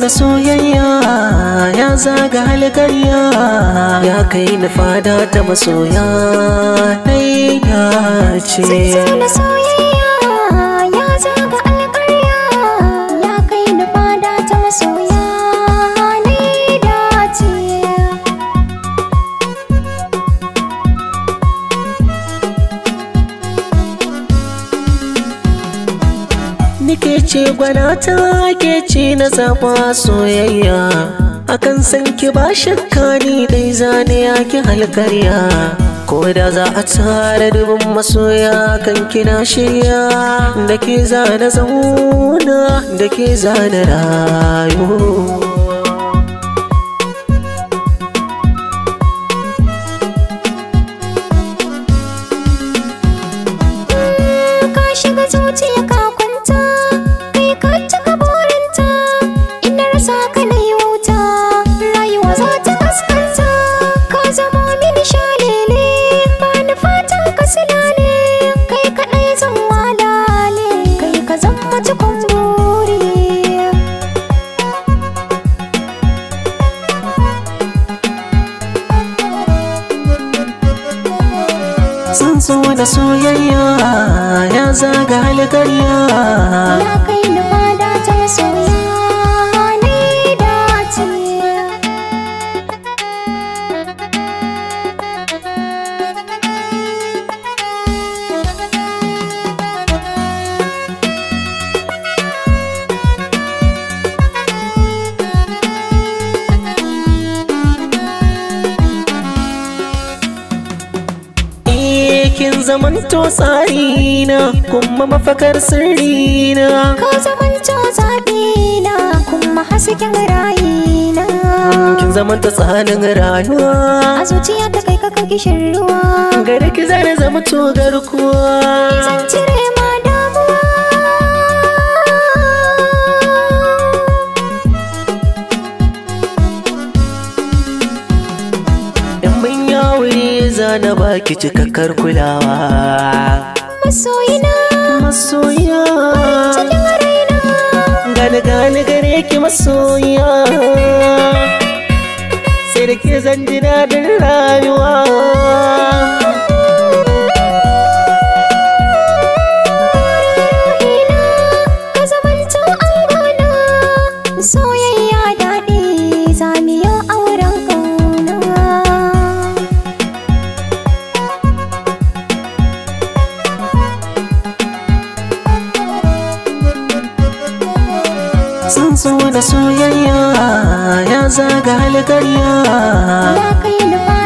na soyayya ya zaga halgarya ya kai na fada ta masoya ɗaya ce na soyayya nike ce ta ke ce na zaba soyayya akan san ki ba shakka ni dai zane ya ki halkarya ko da za a tara dubin masoya kan kina shirya da ke zana zauna da ke zana rayu so da soyayya ya zaga ya zamanto tsarina kuma mafakar sirrina ka zamanto zaɓina kuma hasken rayina kin zamanta tsanin rayuwa a zuciya ta kai ka kishin ruwa gare ki zama to garkuwa zan cire za na baki cikakkar kulawa masoyina masoyiya gane gane gare ki masoyiya sai da ke zan ji daɗin rayuwa sun so soyayya ya zaga halkarya ya